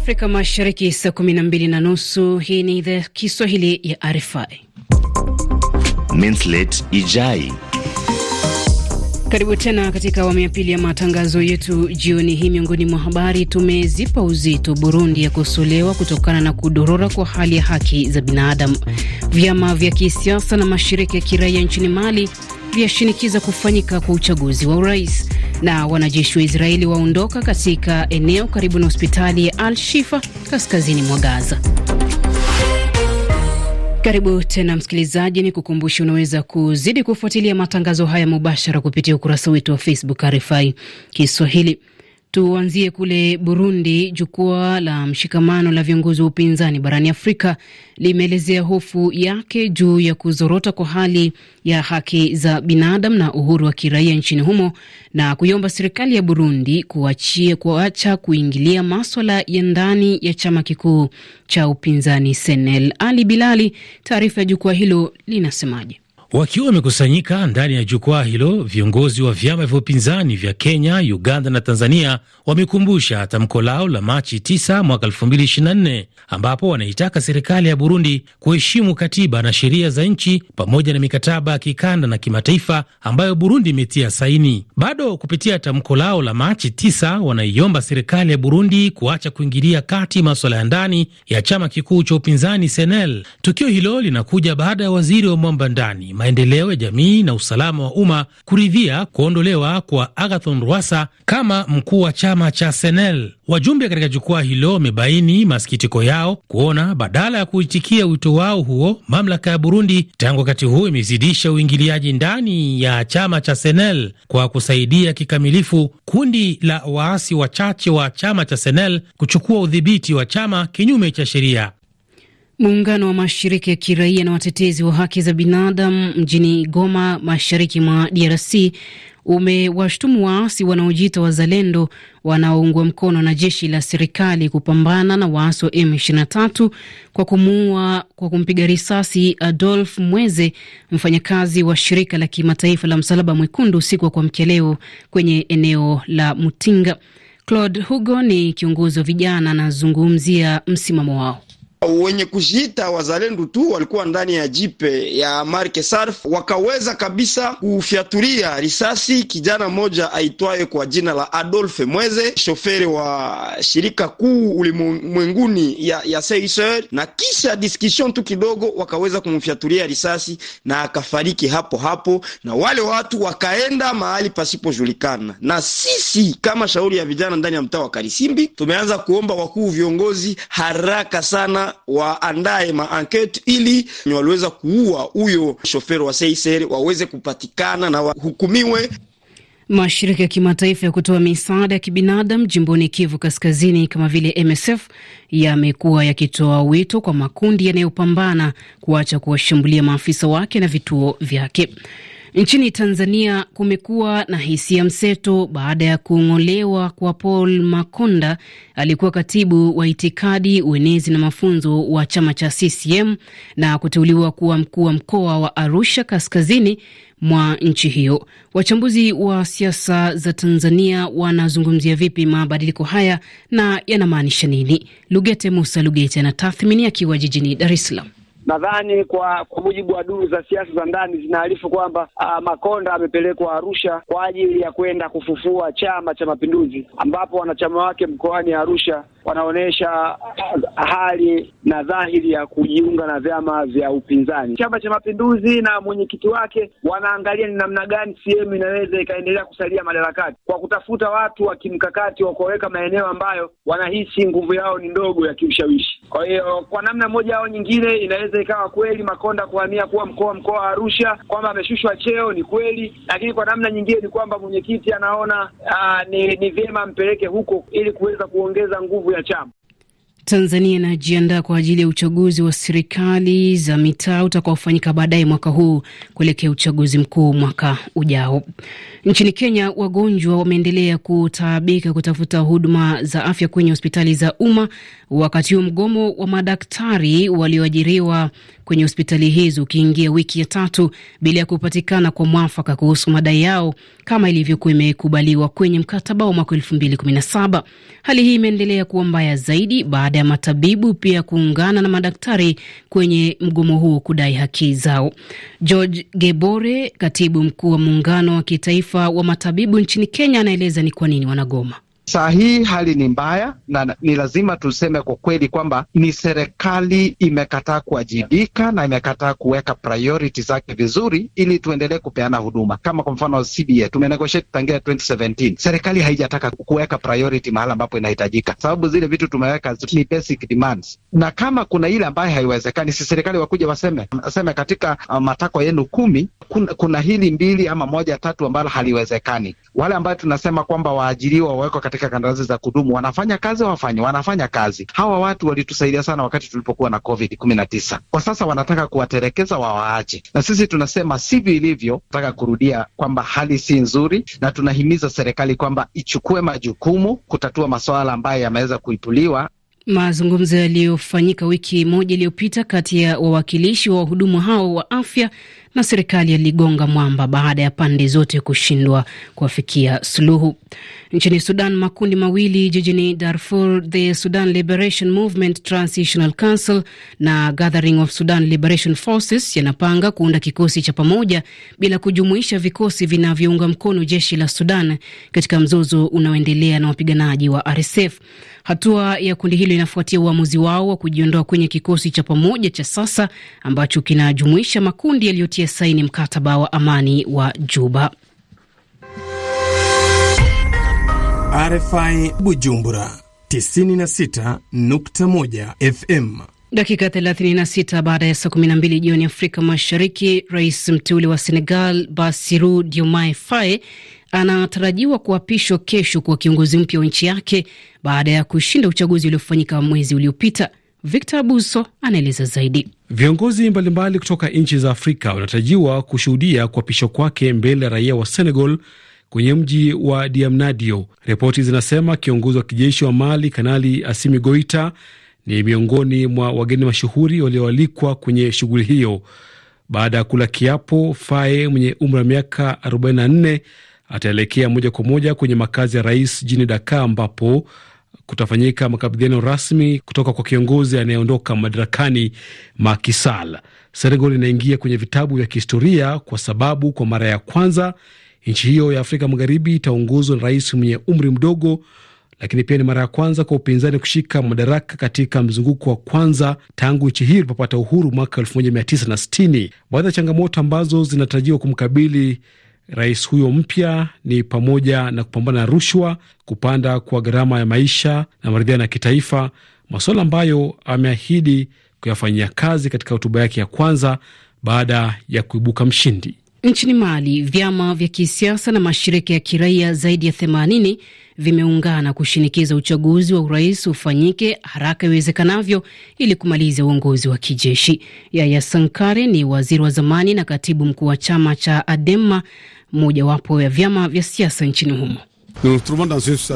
Afrika Mashariki saa kumi na mbili na nusu. Hii ni idhaa ya Kiswahili ya RFI. Ijai karibu tena katika awamu ya pili ya matangazo yetu jioni hii. Miongoni mwa habari tumezipa uzito, Burundi yakosolewa kutokana na kudorora kwa hali ya haki za binadamu. Vyama vya kisiasa na mashirika ya kiraia nchini Mali vyashinikiza kufanyika kwa uchaguzi wa urais, na wanajeshi wa Israeli waondoka katika eneo karibu na hospitali ya Al Shifa kaskazini mwa Gaza. Karibu tena msikilizaji, ni kukumbusha unaweza kuzidi kufuatilia matangazo haya mubashara kupitia ukurasa wetu wa Facebook RFI Kiswahili. Tuanzie kule Burundi. Jukwaa la mshikamano la viongozi wa upinzani barani Afrika limeelezea hofu yake juu ya kuzorota kwa hali ya haki za binadamu na uhuru wa kiraia nchini humo na kuiomba serikali ya Burundi kuachia kuacha kuingilia maswala ya ndani ya chama kikuu cha upinzani Senel. Ali Bilali, taarifa ya jukwaa hilo linasemaje? Wakiwa wamekusanyika ndani ya jukwaa hilo, viongozi wa vyama vya upinzani vya Kenya, Uganda na Tanzania wamekumbusha tamko lao la Machi 9 mwaka 2024 ambapo wanaitaka serikali ya Burundi kuheshimu katiba na sheria za nchi pamoja na mikataba ya kikanda na kimataifa ambayo Burundi imetia saini. Bado kupitia tamko lao la Machi 9 wanaiomba serikali ya Burundi kuacha kuingilia kati maswala ya ndani ya chama kikuu cha upinzani Senel. Tukio hilo linakuja baada ya waziri wa mambo ndani maendeleo ya jamii na usalama wa umma kuridhia kuondolewa kwa Agathon Rwasa kama mkuu wa chama cha Senel. Wajumbe katika jukwaa hilo wamebaini masikitiko yao kuona badala ya kuitikia wito wao huo, mamlaka ya Burundi tangu wakati huo imezidisha uingiliaji ndani ya chama cha Senel kwa kusaidia kikamilifu kundi la waasi wachache wa chama cha Senel kuchukua udhibiti wa chama kinyume cha sheria. Muungano wa mashirika ya kiraia na watetezi wa haki za binadamu mjini Goma, mashariki mwa DRC umewashutumu waasi wanaojiita wazalendo wanaoungwa mkono na jeshi la serikali kupambana na waasi wa M23 kwa kumuua kwa kumpiga risasi Adolf Mweze, mfanyakazi wa shirika la kimataifa la Msalaba Mwekundu, usiku wa kuamkia leo kwenye eneo la Mutinga. Claude Hugo ni kiongozi wa vijana, anazungumzia msimamo wao wenye kujiita wazalendo tu walikuwa ndani ya jipe ya Marke Sarf wakaweza kabisa kufyaturia risasi kijana mmoja aitwaye kwa jina la Adolphe Mweze, shoferi wa shirika kuu ulimwenguni ya, ya Seiser, na kisha discussion tu kidogo wakaweza kumfyatulia risasi na akafariki hapo hapo, na wale watu wakaenda mahali pasipojulikana. Na sisi kama shauri ya vijana ndani ya mtaa wa Karisimbi tumeanza kuomba wakuu viongozi haraka sana waandae maankete ili ni waliweza kuua huyo shoferi wa Seiser waweze kupatikana na wahukumiwe. Mashirika ya kimataifa ya kutoa misaada ya kibinadamu jimboni Kivu Kaskazini kama vile MSF yamekuwa yakitoa wito kwa makundi yanayopambana kuacha kuwashambulia maafisa wake na vituo vyake. Nchini Tanzania kumekuwa na hisia mseto baada ya kung'olewa kwa Paul Makonda, aliyekuwa katibu wa itikadi, uenezi na mafunzo wa chama cha CCM na kuteuliwa kuwa mkuu wa mkoa wa Arusha kaskazini mwa nchi hiyo. Wachambuzi wa siasa za Tanzania wanazungumzia vipi mabadiliko haya na yanamaanisha nini? Lugete Musa Lugete anatathmini akiwa jijini Dar es Salaam nadhani kwa kwa mujibu wa duru za siasa za ndani zinaarifu kwamba ah, Makonda amepelekwa Arusha kwa ajili ya kwenda kufufua Chama cha Mapinduzi, ambapo wanachama wake mkoani Arusha wanaonyesha hali na dhahiri ya kujiunga na vyama vya upinzani. Chama cha Mapinduzi na mwenyekiti wake wanaangalia ni namna gani sehemu inaweza ikaendelea kusalia madarakani kwa kutafuta watu wa kimkakati wa kuwaweka maeneo ambayo wanahisi nguvu yao ni ndogo ya kiushawishi. Kwa hiyo kwa namna moja au nyingine, inaweza ikawa kweli Makonda kuhamia kuwa mkoa wa mkoa wa Arusha kwamba ameshushwa cheo ni kweli, lakini kwa namna nyingine ni kwamba mwenyekiti anaona aa, ah, ni, ni vyema ampeleke huko ili kuweza kuongeza nguvu ya wanachama. Tanzania inajiandaa kwa ajili ya uchaguzi wa serikali za mitaa utakaofanyika baadaye mwaka huu kuelekea uchaguzi mkuu mwaka ujao. Nchini Kenya, wagonjwa wameendelea kutaabika kutafuta huduma za afya kwenye hospitali za umma, wakati huu mgomo wa madaktari walioajiriwa kwenye hospitali hizo, ukiingia wiki ya tatu bila ya kupatikana kwa mwafaka kuhusu madai yao kama ilivyokuwa imekubaliwa kwenye mkataba wa mwaka saba. Hali hii imeendelea kuwa mbaya zaidi baada ya matabibu pia kuungana na madaktari kwenye mgomo huo kudai haki zao. George Gebore, katibu mkuu wa muungano wa kitaifa wa matabibu nchini Kenya, anaeleza ni kwa nini wanagoma. Saa hii hali ni mbaya, na ni lazima tuseme kwa kweli kwamba ni serikali imekataa kuajibika na imekataa kuweka priority zake vizuri, ili tuendelee kupeana huduma. Kama kwa mfano CBA tumenegotiate tangia 2017 serikali haijataka kuweka priority mahala ambapo inahitajika, sababu zile vitu tumeweka ni basic demands, na kama kuna ile ambayo haiwezekani, si serikali wakuja waseme waseme katika uh, matakwa yenu kumi kuna, kuna hili mbili ama moja tatu ambalo haliwezekani. Wale ambayo tunasema kwamba waajiriwa wawekwa katika katika kandarasi za kudumu wanafanya kazi, wafanye wanafanya kazi. Hawa watu walitusaidia sana wakati tulipokuwa na COVID kumi na tisa. Kwa sasa wanataka kuwaterekeza, wawaache. Na sisi tunasema sivyo ilivyo, nataka kurudia kwamba hali si nzuri, na tunahimiza serikali kwamba ichukue majukumu kutatua masuala ambayo yameweza kuipuliwa. Mazungumzo yaliyofanyika wiki moja iliyopita kati ya wawakilishi wa wahudumu hao wa afya na serikali yaligonga mwamba baada ya pande zote kushindwa kuafikia suluhu. Nchini Sudan, makundi mawili jijini Darfur, the Sudan Liberation Movement Transitional Council na Gathering of Sudan Liberation Forces yanapanga kuunda kikosi cha pamoja bila kujumuisha vikosi vinavyounga mkono jeshi la Sudan katika mzozo unaoendelea na wapiganaji wa RSF. Hatua ya kundi hilo inafuatia uamuzi wao wa kujiondoa kwenye kikosi cha pamoja cha sasa ambacho kinajumuisha makundi yaliyoti kutia saini mkataba wa amani wa Juba. RFI Bujumbura 96.1 FM. Dakika 36 baada ya saa 12 jioni Afrika Mashariki, rais mteule wa Senegal Bassirou Diomaye Faye anatarajiwa kuapishwa kesho kuwa kiongozi mpya wa nchi yake baada ya kushinda uchaguzi uliofanyika mwezi uliopita. Victor Abuso anaeleza zaidi. Viongozi mbalimbali kutoka nchi za Afrika wanatarajiwa kushuhudia kuapishwa kwake mbele ya raia wa Senegal kwenye mji wa Diamnadio. Ripoti zinasema kiongozi wa kijeshi wa Mali, Kanali Asimi Goita, ni miongoni mwa wageni mashuhuri walioalikwa kwenye shughuli hiyo. Baada ya kula kiapo, Faye mwenye umri wa miaka 44 ataelekea moja kwa moja kwenye makazi ya rais jijini Dakar ambapo kutafanyika makabidhiano rasmi kutoka kwa kiongozi anayeondoka madarakani Macky Sall. Senegal inaingia kwenye vitabu vya kihistoria kwa sababu kwa mara ya kwanza nchi hiyo ya Afrika Magharibi itaongozwa na rais mwenye umri mdogo, lakini pia ni mara ya kwanza kwa upinzani kushika madaraka katika mzunguko wa kwanza tangu nchi hiyo ilipopata uhuru mwaka 1960. Baadhi ya changamoto ambazo zinatarajiwa kumkabili rais huyo mpya ni pamoja na kupambana na rushwa, kupanda kwa gharama ya maisha na maridhiano ya kitaifa, masuala ambayo ameahidi kuyafanyia kazi katika hotuba yake ya kwanza baada ya kuibuka mshindi. Nchini Mali, vyama vya kisiasa na mashirika ya kiraia zaidi ya 80 vimeungana kushinikiza uchaguzi wa urais ufanyike haraka iwezekanavyo ili kumaliza uongozi wa kijeshi. Yaya Sankare ni waziri wa zamani na katibu mkuu wa chama cha Adema mojawapo ya vyama vya siasa nchini humo.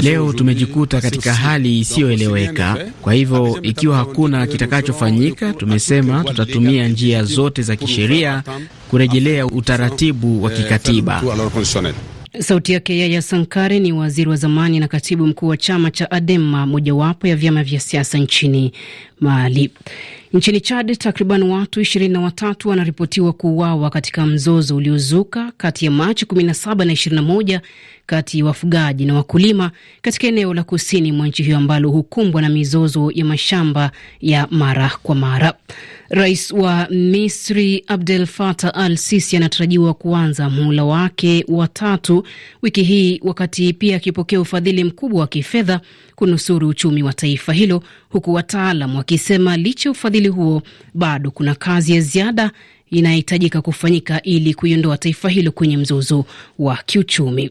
Leo tumejikuta katika hali isiyoeleweka. Kwa hivyo, ikiwa hakuna kitakachofanyika, tumesema tutatumia njia zote za kisheria kurejelea utaratibu wa kikatiba. Sauti yake Yaya Sankare ni waziri wa zamani na katibu mkuu wa chama cha Adema, mojawapo ya vyama vya siasa nchini Mali. Nchini Chad, takriban watu ishirini na watatu wanaripotiwa kuuawa katika mzozo uliozuka kati ya Machi 17 na 21 kati ya wafugaji na wakulima katika eneo la kusini mwa nchi hiyo ambalo hukumbwa na mizozo ya mashamba ya mara kwa mara. Rais wa Misri Abdel Fattah Al Sisi anatarajiwa kuanza muhula wake wa tatu wiki hii, wakati pia akipokea ufadhili mkubwa wa kifedha kunusuru uchumi wa taifa hilo, huku wataalam wakisema licha ya ufadhili huo bado kuna kazi ya ziada inayohitajika kufanyika ili kuiondoa taifa hilo kwenye mzozo wa kiuchumi.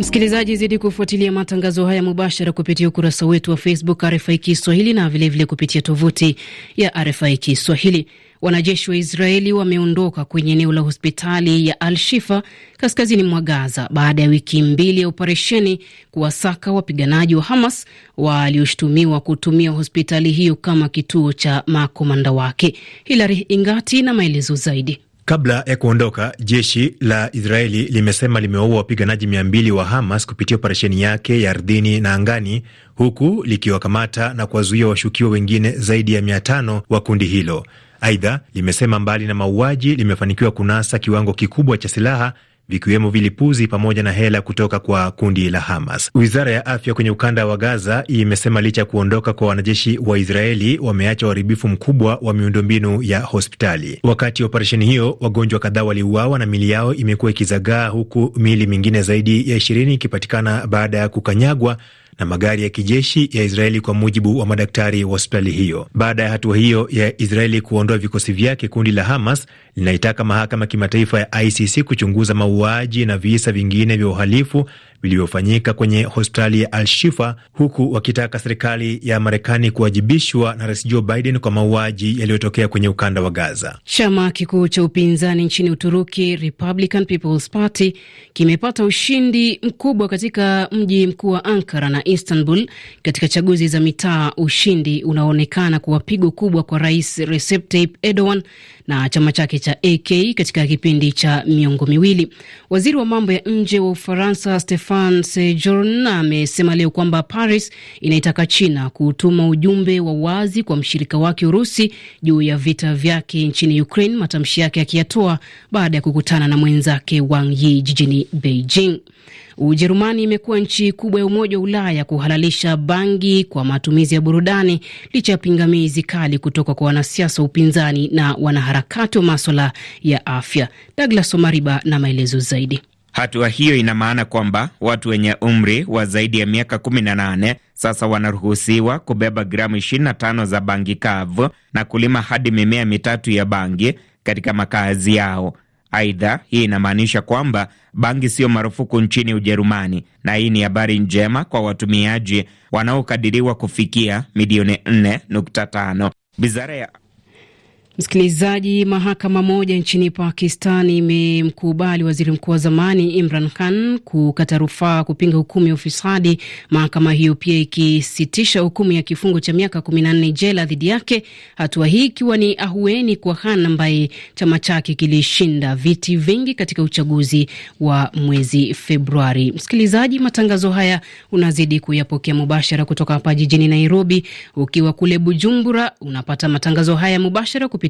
Msikilizaji, zidi kufuatilia matangazo haya mubashara kupitia ukurasa wetu wa Facebook RFI Kiswahili na vilevile vile kupitia tovuti ya RFI Kiswahili. Wanajeshi wa Israeli wameondoka kwenye eneo la hospitali ya Al Shifa kaskazini mwa Gaza baada ya wiki mbili ya operesheni kuwasaka wapiganaji wa Hamas walioshutumiwa kutumia hospitali hiyo kama kituo cha makomanda wake. Hilary Ingati na maelezo zaidi. Kabla ya kuondoka, jeshi la Israeli limesema limewaua wapiganaji mia mbili wa Hamas kupitia operesheni yake ya ardhini na angani, huku likiwakamata na kuwazuia washukiwa wengine zaidi ya mia tano wa kundi hilo. Aidha, limesema mbali na mauaji, limefanikiwa kunasa kiwango kikubwa cha silaha vikiwemo vilipuzi pamoja na hela kutoka kwa kundi la Hamas. Wizara ya afya kwenye ukanda wa Gaza imesema licha ya kuondoka kwa wanajeshi wa Israeli wameacha uharibifu mkubwa wa miundombinu ya hospitali. Wakati wa operesheni hiyo, wagonjwa kadhaa waliuawa na mili yao imekuwa ikizagaa, huku mili mingine zaidi ya ishirini ikipatikana baada ya kukanyagwa na magari ya kijeshi ya Israeli, kwa mujibu wa madaktari wa hospitali hiyo. Baada ya hatua hiyo ya Israeli kuondoa vikosi vyake, kundi la Hamas linaitaka mahakama kimataifa ya ICC kuchunguza mauaji na visa vingine vya uhalifu vilivyofanyika kwenye hospitali ya Al-Shifa, huku wakitaka serikali ya Marekani kuwajibishwa na Rais Joe Biden kwa mauaji yaliyotokea kwenye ukanda wa Gaza. Chama kikuu cha upinzani nchini Uturuki, Republican People's Party, kimepata ushindi mkubwa katika mji mkuu wa Ankara na Istanbul katika chaguzi za mitaa, ushindi unaoonekana kuwa pigo kubwa kwa Rais Recep Tayyip Erdogan na chama chake cha AK katika kipindi cha miongo miwili. Waziri wa mambo ya nje wa Ufaransa Stefan Stefan Sejourn amesema leo kwamba Paris inaitaka China kutuma ujumbe wa wazi kwa mshirika wake Urusi juu ya vita vyake nchini Ukraine, matamshi yake akiyatoa baada ya kukutana na mwenzake Wang Yi jijini Beijing. Ujerumani imekuwa nchi kubwa ya Umoja wa Ulaya kuhalalisha bangi kwa matumizi ya burudani licha ya pingamizi kali kutoka kwa wanasiasa wa upinzani na wanaharakati wa maswala ya afya. Douglas Omariba na maelezo zaidi. Hatua hiyo ina maana kwamba watu wenye umri wa zaidi ya miaka 18 sasa wanaruhusiwa kubeba gramu 25 za bangi kavu na kulima hadi mimea mitatu ya bangi katika makazi yao. Aidha, hii inamaanisha kwamba bangi siyo marufuku nchini Ujerumani, na hii ni habari njema kwa watumiaji wanaokadiriwa kufikia milioni 4.5. Wizara ya Msikilizaji, mahakama moja nchini Pakistan imemkubali waziri mkuu wa zamani Imran Khan kukata rufaa kupinga hukumu ya ufisadi, mahakama hiyo pia ikisitisha hukumu ya kifungo cha miaka kumi na nne jela dhidi yake, hatua hii ikiwa ni ahueni kwa Khan ambaye chama chake kilishinda viti vingi katika uchaguzi wa mwezi Februari. Msikilizaji, matangazo haya unazidi kuyapokea mubashara kutoka hapa jijini Nairobi. Ukiwa kule Bujumbura unapata matangazo haya mubashara kupitia